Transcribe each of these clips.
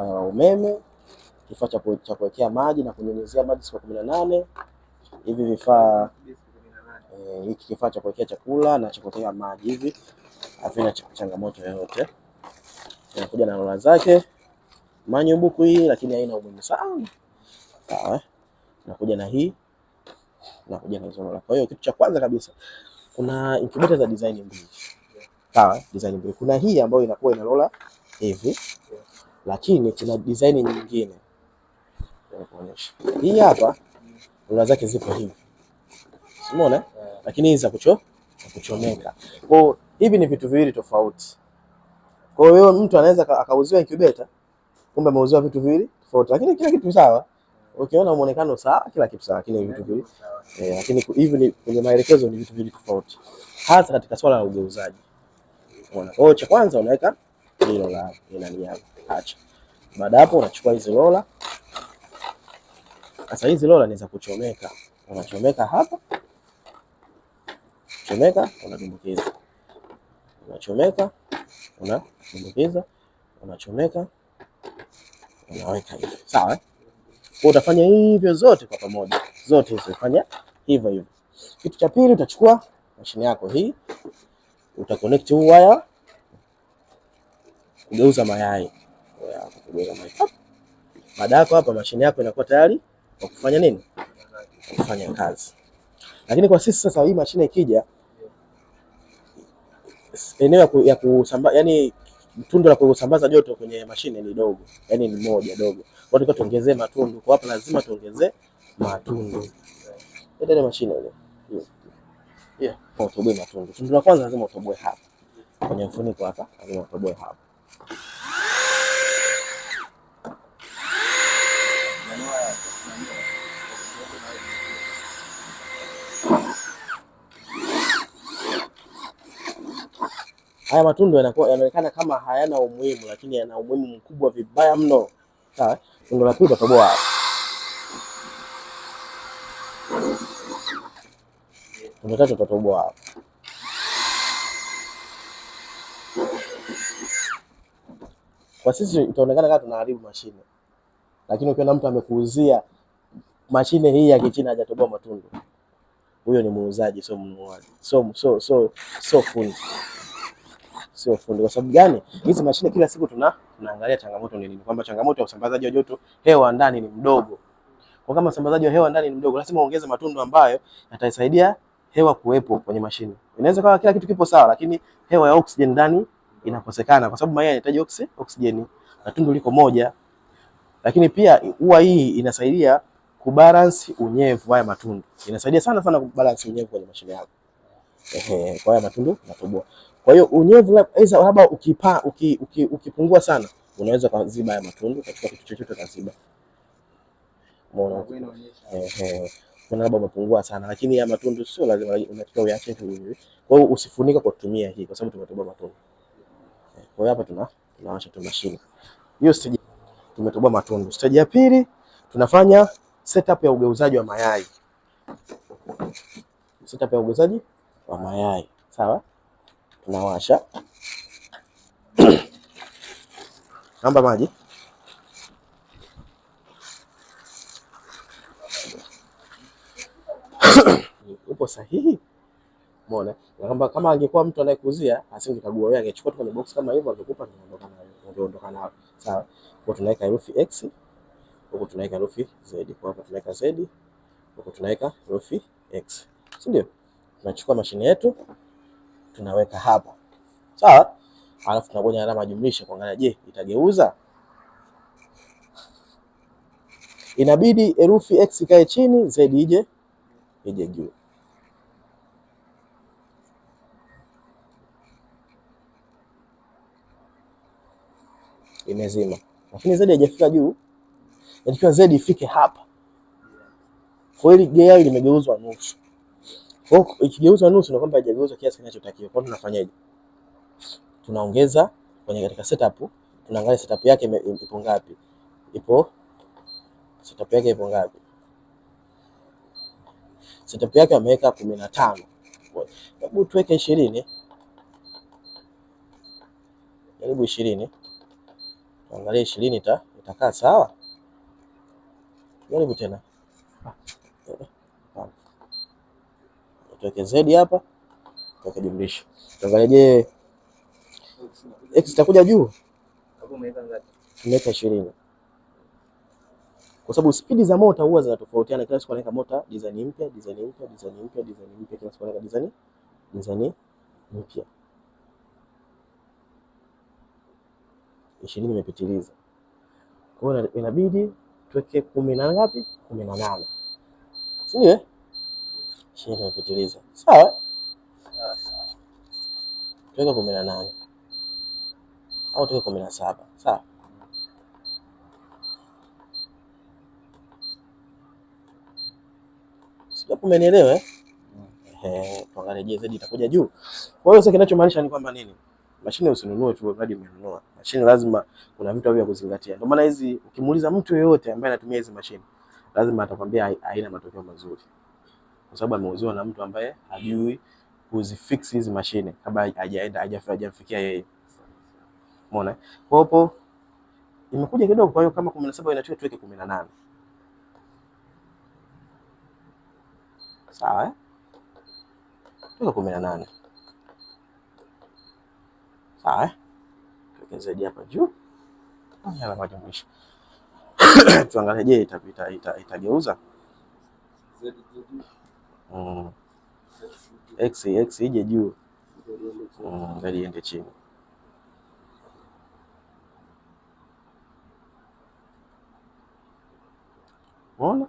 transformer ya umeme, kifaa cha kuwekea maji na kunyunyizia maji siku kumi na nane. Hivi vifaa eh, hiki e, kifaa cha kuwekea chakula na cha kuwekea maji hivi havina changamoto yoyote. Inakuja na rola zake manyumbuku hii, lakini haina umuhimu sana. Sawa, nakuja na hii nakuja na hizo rola. Kwa hiyo kitu cha kwanza kabisa kuna incubator za design mbili. Sawa, design mbili. Kuna hii ambayo inakuwa ina rola hivi lakini kuna design nyingine nakuonyesha. Hii hapa rula zake zipo hivi, umeona, lakini hizi za kucho kuchomeka. Kwa hivi ni vitu viwili tofauti. Kwa hiyo mtu anaweza akauziwa incubator, kumbe ameuziwa vitu viwili tofauti, lakini kila kitu sawa. Ukiona muonekano sawa, kila kitu sawa, lakini vitu viwili eh, lakini hivi ni kwenye maelekezo ni vitu viwili tofauti, hasa katika swala la ugeuzaji. Unaona, kwa hiyo cha kwanza unaweka hilo la inani yako acha. Baada hapo unachukua hizi lola Sasa hizi lola ni za kuchomeka, unachomeka hapa, chomeka, unadumbukiza, unachomeka, unadumbukiza, unachomeka, unaweka hivi, sawa. eh? utafanya hivyo zote kwa pamoja, zote hizo fanya hivyo hivyo. Kitu cha pili utachukua mashine yako hii, utakonekti huu waya kugeuza mayai ya kubweka maji. Baada hapo hapa mashine yako inakuwa tayari kwa kufanya nini? Kufanya kazi. Lakini kwa sisi sasa hii mashine ikija eneo ya kusambaza, yani tundu la kusambaza joto kwenye mashine ni dogo, yani ni moja dogo. Kwa hiyo tuongezee matundu. Kwa hapa lazima tuongezee matundu. Ndio Ile mashine ile. Yeah, Kwa utoboe matundu. Tundu la kwanza lazima utoboe hapa. Kwenye mfuniko hapa lazima utoboe hapa. haya matundu yanaonekana kama hayana umuhimu, lakini yana umuhimu mkubwa vibaya mno. Sawa, tungo la pili utatoboa. Tungo tatu utatoboa hapa. Kwa sisi itaonekana kama tunaharibu mashine, lakini ukiona mtu amekuuzia mashine hii ya Kichina hajatoboa matundu, huyo ni muuzaji, sio mnunuaji, so so so so fundi sio fundi. Kwa sababu gani? Hizi mashine kila siku tuna tunaangalia changamoto ni nini, kwamba changamoto ya usambazaji wa joto hewa ndani ni mdogo. Kwa kama usambazaji wa hewa ndani ni mdogo, lazima uongeze matundu ambayo yatasaidia hewa kuwepo kwenye mashine. Inaweza kawa kila kitu kipo sawa, lakini hewa ya oksijeni ndani inakosekana, kwa sababu mayai yanahitaji oksijeni na tundu liko moja. Lakini pia huwa hii inasaidia kubalance unyevu haya matundu, inasaidia sana sana kubalance unyevu kwenye mashine yako. Ehe, kwa haya matundu natoboa. Kwa hiyo unyevu aidha labda eh, ukipaa uki, uki, ukipungua sana unaweza kuziba ya matundu katika kitu chochote kaziba. Mbona Eh, kuna labda umepungua sana lakini ya matundu sio lazima, unatakiwa uache tu hivi. Kwa hiyo usifunika kwa kutumia hii kwa sababu tumetoboa matundu. Eh, kwa hiyo hapa tuna tunawasha tu mashine. Hiyo stage tumetoboa matundu. Stage ya pili tunafanya setup ya ugeuzaji wa mayai. Setup ya ugeuzaji wa mayai. Sawa? nawasha namba maji upo sahihi. Umeona, kwamba kama angekuwa mtu anayekuzia asingekagua wewe, angechukua tu kwenye box kama hivyo, angekupa ungeondoka nayo. Sawa, kwa tunaweka herufi x huko, tunaweka herufi z, kwa hapo tunaweka z huko, tunaweka herufi x, si ndio? Tunachukua mashine yetu tunaweka hapa sawa. Alafu tunabonya na alama jumlisha kuangalia, je, itageuza? Inabidi herufi x ikae chini, z ije ije juu. Imezima, lakini z haijafika juu, inatakiwa z ifike hapa. hiyo gear limegeuzwa nusu. Kwa ikigeuza nusu na kwamba haijageuza kiasi kinachotakiwa. Kwa hiyo tunafanyaje? Tunaongeza kwenye katika setup, tunaangalia setup yake ipo ngapi? Ipo setup yake ipo ngapi? Setup yake ameweka 15. Hebu tuweke 20. Karibu 20. Tuangalie 20 itakaa sawa. Jaribu tena. tuweke z hapa tuweke jumlisha. Tuangalie je x itakuja juu? Tumeweka ishirini kwa sababu spidi za mota huwa zinatofautiana kila siku, anaweka mota design mpya, design mpya, design mpya, design mpya, kila siku anaweka design design mpya. Ishirini imepitiliza, kwa hiyo inabidi tuweke kumi na ngapi? kumi na nane, si ndio? Eh? Ishirini tumepitiliza. Sawa, tuweke kumi na nane au tuweke kumi na saba sawa. Sijapo, umenielewa eh? Tuangalie zaidi, itakuja juu. Kwa hiyo sasa kinachomaanisha ni kwamba nini? Mashine usinunue tu bali umenunua mashine, lazima kuna vitu vya kuzingatia. Ndio maana hizi, ukimuuliza mtu yeyote ambaye anatumia hizi mashine, lazima atakwambia haina matokeo mazuri kwa sababu ameuziwa na mtu ambaye hajui kuzifix hizi mashine kabla hajaenda hajafikia yeye. Umeona? Kwa hiyo imekuja kidogo, kwa hiyo kama 17 inatakiwa tuweke 18. Sawa eh? Tuweke 18. Sawa eh? Tuweke zaidi hapa juu. Alama mwisho. Tuangalie je, itapita itageuza ita, ita, ita Ah. X, X ije juu gari ah, iende chini Unaona?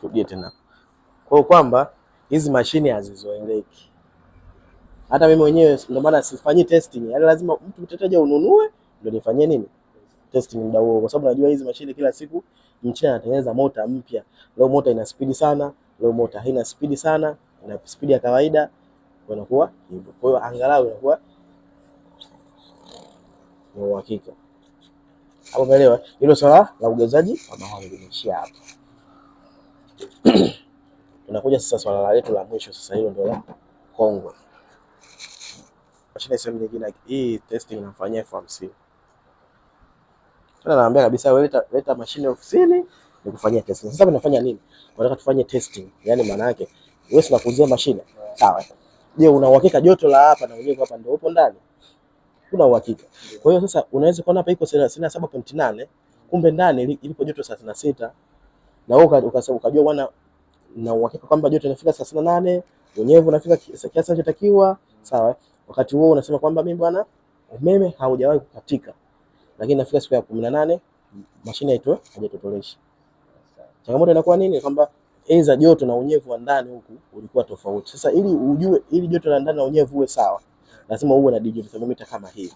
Turudie tena kwa kwamba hizi mashine hazizoeleki. Hata mimi mwenyewe ndio maana sifanyi testing, yaani lazima mtu mteteja ununue ndio nifanyie nini testing muda huo, kwa sababu najua hizi mashine kila siku mchina anatengeneza mota mpya. Leo mota ina spidi sana, low motor, haina speed sana na speed ya kawaida inakuwa hivyo. Kwa hiyo angalau inakuwa na uhakika hapo, umeelewa? Hilo swala la ugezaji wa mahali limeishia hapo. Tunakuja sasa swala letu la mwisho sasa, hilo ndio la kongwe. Mashine sehemu nyingine hii testing inafanyia elfu hamsini. naambia kabisa, leta, leta mashine ofisini nikufanyia testing. Sasa tunafanya nini? Tunataka tufanye testing, yani maana yake wewe si nakuuzia mashine sawa. Je, una uhakika joto la hapa na unyevu hapa ndio upo ndani? Kuna uhakika. Kwa hiyo sasa unaweza kuona hapa iko 37.8 kumbe ndani ilipo joto 36 na wewe ukasema ukajua bwana na uhakika kwamba joto inafika 38, unyevu unafika kiasi kinachotakiwa, sawa. Wakati huo unasema kwamba mimi bwana umeme haujawahi kukatika, lakini nafika siku ya 18 mashine haitoe hajatotolesha. Changamoto inakuwa nini? Kwamba aidha joto na unyevu wa ndani huku ulikuwa tofauti. Sasa ili ujue ili joto la ndani na unyevu uwe sawa, lazima uwe na digital thermometer kama hii,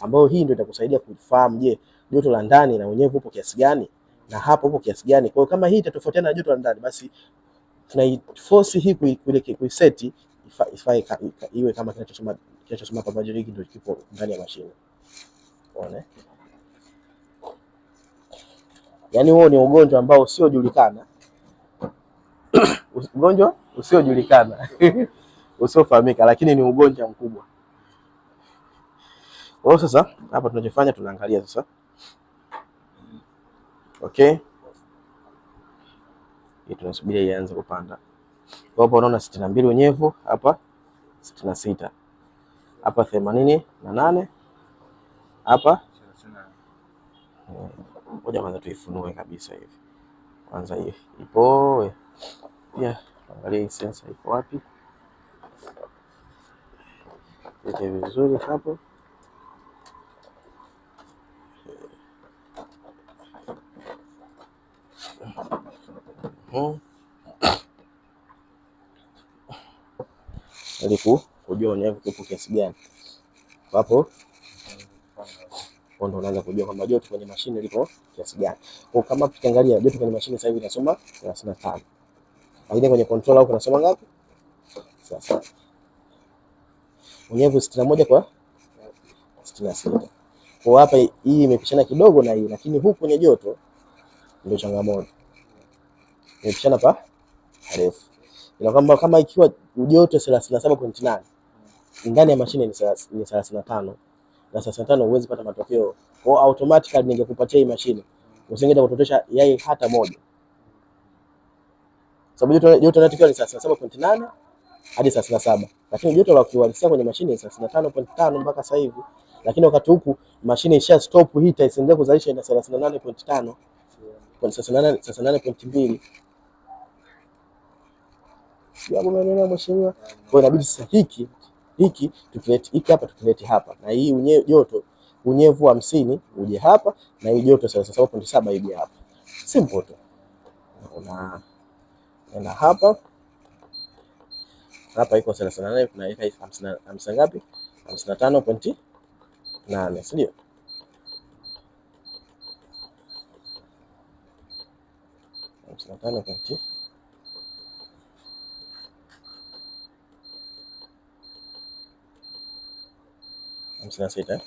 ambayo hii ndio itakusaidia kufahamu, je, joto la ndani na unyevu upo kiasi gani na hapo upo kiasi gani. Kwa hiyo kama hii itatofautiana na joto la ndani, basi force hii set ifae iwe kama kinachosoma kinachosoma hapa, ndio kipo ndani ya mashine. Unaona? Yaani huo ni ugonjwa ambao usiojulikana ugonjwa usiojulikana usiofahamika, lakini ni ugonjwa mkubwa. Kwa hiyo sasa hapa tunachofanya tunaangalia sasa, okay, hii tunasubiria ianze kupanda. Kwa hapo unaona sitini na mbili unyevu hapa, sitini na sita hapa, themanini na nane hapa Ngoja kwanza tuifunue kabisa hivi. Kwanza hivi. Ipoe. Pia angalia hii sensa ipo wapi? Weke vizuri hapo. Hmm. Ili kujua unyevu kipo kiasi gani hapo kwa ndo unaanza kujua kwamba joto kwenye mashine liko kiasi gani. Kwa kama tukiangalia joto kwenye mashine sasa hivi inasoma 35. Lakini kwenye controller huko unasoma ngapi? Sasa. Unyevu 61 kwa 66. Kwa hapa hii imepishana kidogo na hii, lakini huku kwenye joto ndio changamoto. Imepishana pa refu. Ila kwamba kama ikiwa joto 37.8 ndani ya mashine ni 35 na thelathini na tano huwezi pata matokeo. Kwa hiyo automatically ningekupatia hii mashine usingeenda kutotosha yai hata moja, sababu joto linatakiwa ni thelathini saba hadi 37. saba lakini joto la ukiuhalisia kwenye mashine ni 35.5 mpaka sasa hivi, lakini wakati huku mashine isha stop hita isiendelee kuzalisha ina thelathini na nane pointi tano thelathini na Mheshimiwa, kwa inabidi sasa hiki hiki tukileti hiki hapa tukileti hapa, na hii unye, joto unyevu hamsini uje hapa, na hii joto thelathini saba pointi saba ije hapa. Simple tu, unaenda hapa hapa iko thelathini na nane tunaweka hamsini ngapi? hamsini na tano pointi nane si hamsini na tano pointi hamsini na sita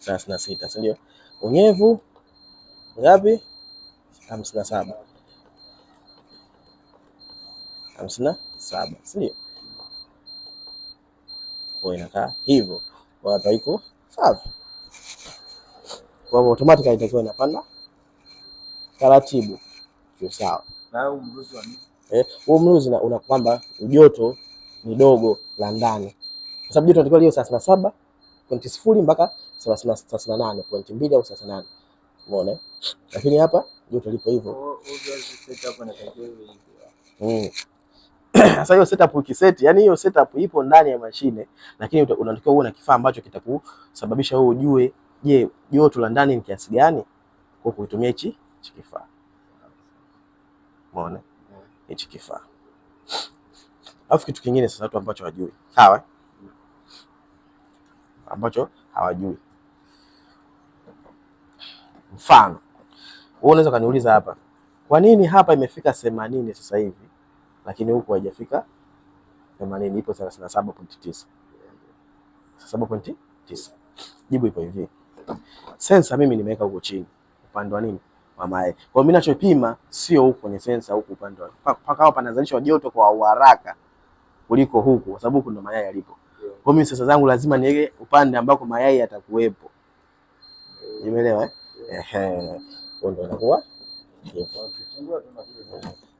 thelathini na sita si ndio? Unyevu ngapi? hamsini na saba hamsini na saba si ndio? Kwa inakaa hivyo, hapa iko safi, Kwa hivyo automatically itakuwa inapanda taratibu sawa. Huu mruzi eh, una kwamba joto ni dogo la ndani sababu joto natakiwa liwe 37 pointi sifuri mpaka 38.2 au 38. Umeona? Lakini hapa joto lipo hivyo. Mm. Sasa hiyo setup ukiseti, yani hiyo setup ipo ndani ya mashine, lakini unatakiwa uwe na kifaa ambacho kitakusababisha wewe ujue, je, joto la ndani ni kiasi gani kwa kutumia hichi hichi kifaa. Umeona? Hichi kifaa. Alafu kitu kingine sasa watu ambacho wajui. Sawa? ambacho hawajui. Mfano, wewe unaweza kaniuliza hapa, kwa nini hapa imefika themanini sasa hivi lakini huku haijafika themanini, ipo thelathini na saba pointi tisa saba pointi tisa Jibu ipo hivi, sensa mimi nimeweka huko chini upande wa nini wa mamae. Kwa hiyo mimi ninachopima sio huko kwenye sensa, huko upande wa paka hapa panazalishwa joto kwa uharaka kuliko huku, kwa sababu huko ndo mayai yalipo. Kwa mimi sasa zangu lazima niweke upande ambako mayai yatakuwepo. Umeelewa eh? Ehe. Kwa ndio inakuwa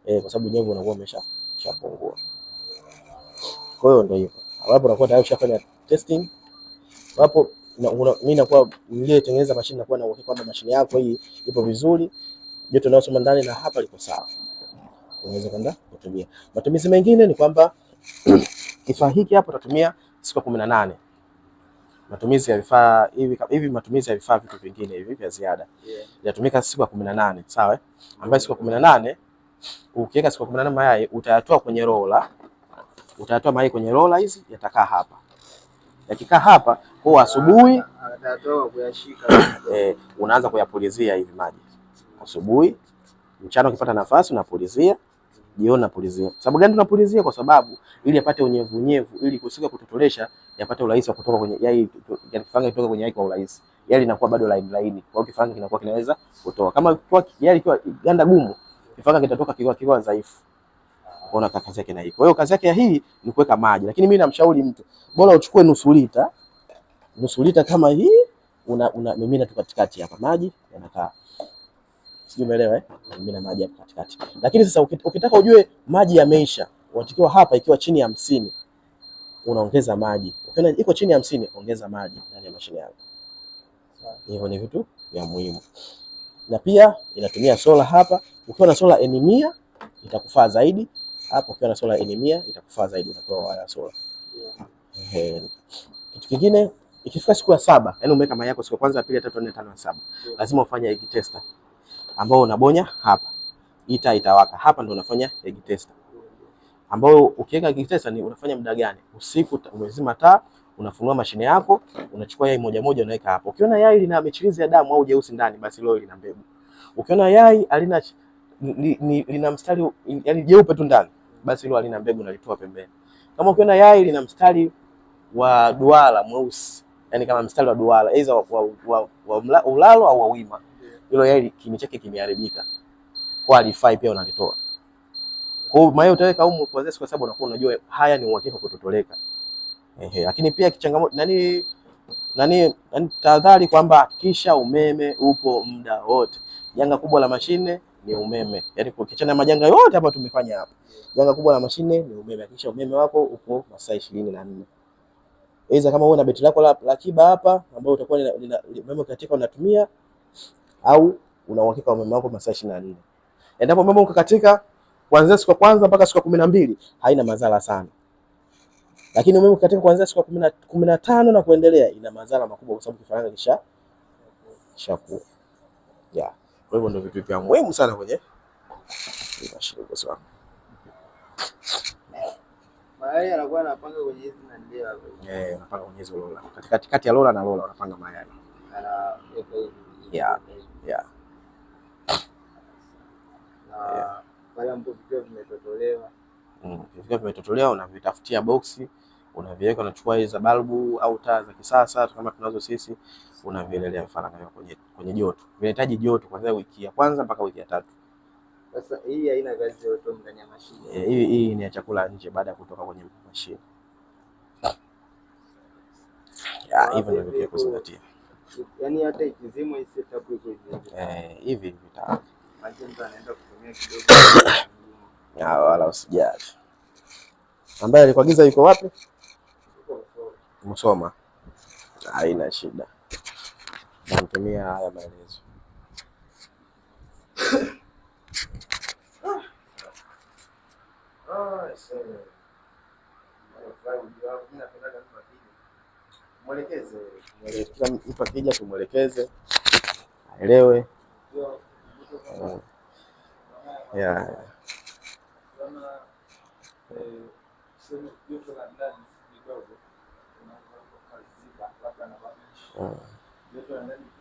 eh, kwa sababu nyevu unakuwa umesha shapungua. Kwa hiyo ndio hivyo. Hapo unakuwa tayari ushafanya testing. Hapo mimi nakuwa niliyetengeneza mashine nakuwa na uhakika kwamba mashine yako hii ipo vizuri, joto linalosoma ndani na hapa liko sawa. Unaweza kwenda kutumia. Matumizi mengine ni kwamba kifaa hiki hapo tutatumia siku ya kumi na nane matumizi ya vifaa hivi hivi, matumizi ya vifaa vitu vingine hivi vya ziada yatumika yeah. siku ya kumi na nane sawa, ambayo siku ya kumi na nane ukiweka siku ya kumi na nane mayai utayatoa kwenye rola, utayatoa mayai kwenye rola hizi, yatakaa hapa, yakikaa hapa kwa asubuhi eh, unaanza kuyapulizia hivi maji asubuhi, mchana ukipata nafasi unapulizia jioni napulizia. Sababu gani tunapulizia? Kwa sababu ili apate unyevu unyevu, ili kusika kutotolesha yapate urahisi wa kutoka kwenye yai, yani kifanga kitoka kwenye yai kwa urahisi. Yai linakuwa bado laini laini, kwa hiyo kifanga kinakuwa kinaweza kutoa. Kama kwa yai kwa ganda gumu, kifanga kitatoka kikiwa kikiwa dhaifu. Unaona kazi yake na hii. Kwa hiyo kazi yake ya hii ni kuweka maji, lakini mimi namshauri mtu bora uchukue nusu lita, nusu lita kama hii una, una mimina tu katikati hapa, maji yanakaa sijui umeelewa eh, Mimi na maji hapo katikati. Lakini sasa ukitaka ujue maji yameisha, unatakiwa hapa, ikiwa chini ya hamsini unaongeza maji, ukiona iko chini ya hamsini ongeza maji ndani ya mashine yako. Hivyo ni vitu vya muhimu, na pia inatumia sola hapa. Ukiwa na sola eni itakufaa zaidi hapo, ukiwa na sola eni itakufaa zaidi, utatoa waya sola. Kitu kingine ikifika siku ya saba, yani umeweka mayai yako siku ya kwanza, ya pili, ya tatu, ya nne, ya tano, ya saba, lazima ufanye egg tester ambao unabonya hapa, hii taa itawaka hapa, ndo unafanya egg tester, ambao ukiweka egg tester ni unafanya muda gani? Usiku umezima taa, unafunua mashine yako, unachukua yai moja moja unaweka hapo. Ukiona yai lina michirizi ya damu au jeusi ndani, basi leo lina mbegu. Ukiona yai alina ni, ni, lina mstari yani jeupe tu ndani, basi leo alina mbegu, nalitoa pembeni. Kama ukiona yai lina mstari wa duara mweusi, yani kama mstari wa duara, aidha wa, wa, wa, wa, wa ulalo au wa wima hilo yai kiini chake kimeharibika, kwa alifai pia unalitoa. Kwa hiyo mayai utaweka huko kuanzia kwa sababu unakuwa unajua haya ni uhakika kutotoleka. Ehe, lakini pia kichangamoto nani nani, nani tahadhari kwamba hakikisha umeme upo muda wote. Janga kubwa la mashine ni umeme, yaani ukiachana na majanga yote hapa tumefanya hapa, janga kubwa la mashine ni umeme. Hakikisha umeme wako upo masaa ishirini na nne. Aidha, kama uwe na beti lako la akiba hapa, ambayo utakuwa umeme katika unatumia au una uhakika wa umeme wako masaa 24. Endapo umeme ukakatika kuanzia siku ya kwanza mpaka siku ya 12 haina madhara sana. Lakini umeme ukakatika kuanzia siku ya 15 na kuendelea ina madhara makubwa kwa sababu kifaranga kisha kishakuwa. Yeah. Kwa hivyo ndio vitu vya muhimu sana kwenye anakuwa anapanga anapanga kwenye kwenye hizi na ndio hapo. Eh, hizo lola. katikati ya lola na lola unapanga mayai yeah. Mm, vikiwa vimetotolewa unavitafutia boksi unaviweka, unachukua hizo balbu au taa za kisasa kama tunazo sisi, unavielelea vifaranga kwenye kwenye joto. Vinahitaji joto kuanzia wiki ya kwanza mpaka wiki ya tatu. Sasa hii haina gazi joto ndani ya mashine. Eh, hii hii ni ya chakula nje baada ya kutoka kwenye mashine. Ya, hivyo ndivyo kuzingatia yani hata ikizimwa hii setup iko hivi eh, hivi hivi ta Maji mtu anaenda kutumia kidogo. Ah, wala usijali. Ambaye alikuagiza yuko wapi? Msoma. Haina shida. Nitumia haya maelezo. Ah, sasa mwelekeze kila mtu akija tumwelekeze aelewe. Eh, mm.